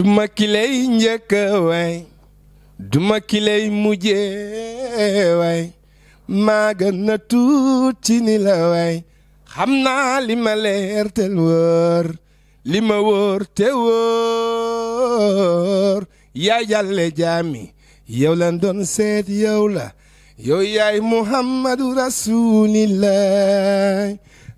duma kilay njëkk waay duma kilay mujje waay maa gën a tuut ci ni la xam naa li ma leer te wóor li ma wóor te wóor yaay jaami yow lan doon seet yow la yow yaay muhammadu rasulillah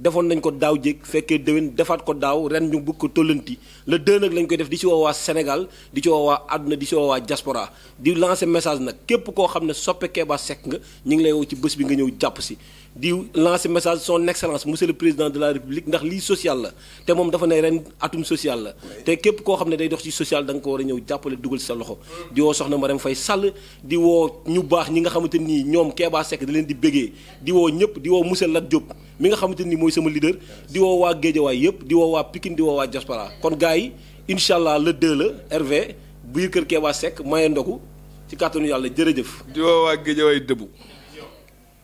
defoon nañ ko daaw jéeg fekkee déwén defaat ko daaw ren ñu bëgg ko tollanti le deux nag lañ koy def di ci woo waa Sénégal di ci woo waa àdduna di ci woo waa di lancer message nag képp koo xam ne soppe Keba sekk nga ñu ngi lay woo ci bés bi nga ñëw jàpp si di lancer message son excellence lah, monsieur le président de la république ndax li social la té mom dafa né ren atum social la té képp ko xamné day dox ci social dang ko wara ñëw jappalé duggal sa loxo di wo soxna ma dem fay sal di wo ñu bax ñi nga xamanteni ñom keba sek da leen di bégé di wo ñëpp di wo monsieur lat diop mi nga xamanteni moy sama leader di wo wa gédja way yépp di wo wa pikine di wo wa diaspora kon gaay inshallah le 2 le rv bu yëkër keba sek mayé ndoku ci katunu yalla jërëjëf di wo wa gédja way debu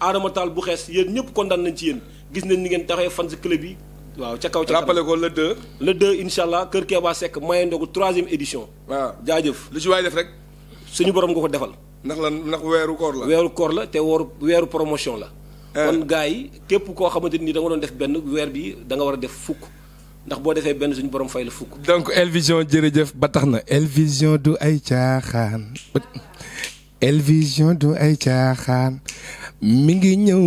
Adama Tall bu xees yéen ñëpp kontaan nañ ci yéen gis nañ ni ngeen taxee fan si club yi waaw ca kaw ca rappelé ko le 2. le 2 incha allah Kër Keba Seck maye ndogu troisième édition. waaw ah. jaajëf. lu ci waay def rek. suñu borom nga ko defal. ndax la ndax weeru koor la. koor la te wooru weeru promotion la. Eh. kon gars yi képp koo xamante ni da nga doon def benn weer bi danga war a def fukk. ndax boo defee benn suñu borom fay la fukk. donc El jërëjëf ba tax na. El Vision ay caaxaan. El Vision du ay caaxaan. mi ngi ñëw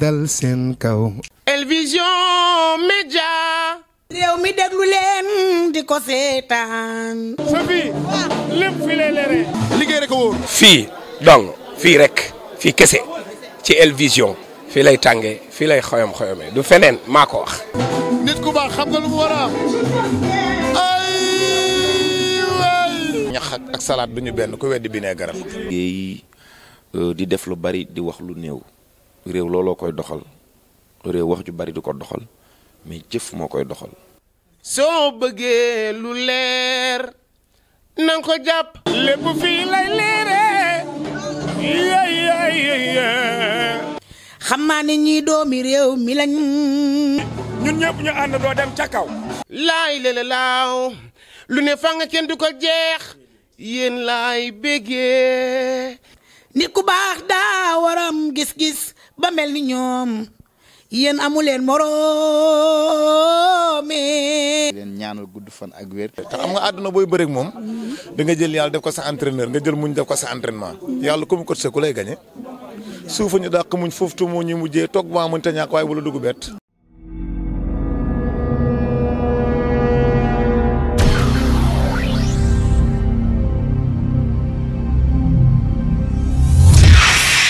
dal seen kaw. Elvision Média. réew mi déglu di ko seetaan. Sophie lépp fi lay leere. liggéey rek a wóor. fii donc fii rek fii kese ci Elvision fii lay tàngee fii lay xoyom xoyomee du feneen maa ko wax. nit ku baax xam nga lu mu war a ñax ak salaat du ñu benn ku weddi bi nee Euh, di def lu bari di wax lu néew réew looloo koy doxal réew wax ju bari di ko doxal mais jëf moo koy doxal soo bëggee lu leer nanga ko jàpp lépp fii lay leeree xam naa ne ñii doomi réew mi lañ ñun ñëpp ñu ànd doo dem ca kaw laay lële laaw lu ne fa nga kenn du ko jeex yéen lay béggee nit ku baax daa waram gis-gis ba mel ni ñoom yéen amuleen moroomi leen ñaanal gudd fan ak wér te xam nga àdduna booy bëreg moom da nga jël yàlla def ko sa entraîneur nga jël muñ def ko sa entraînement yàlla kumu ko sa ku lay gañe suufa ñu dàq muñ foofu tu mu ñu mujjee toog baa mënta ñàkk wala dugg bett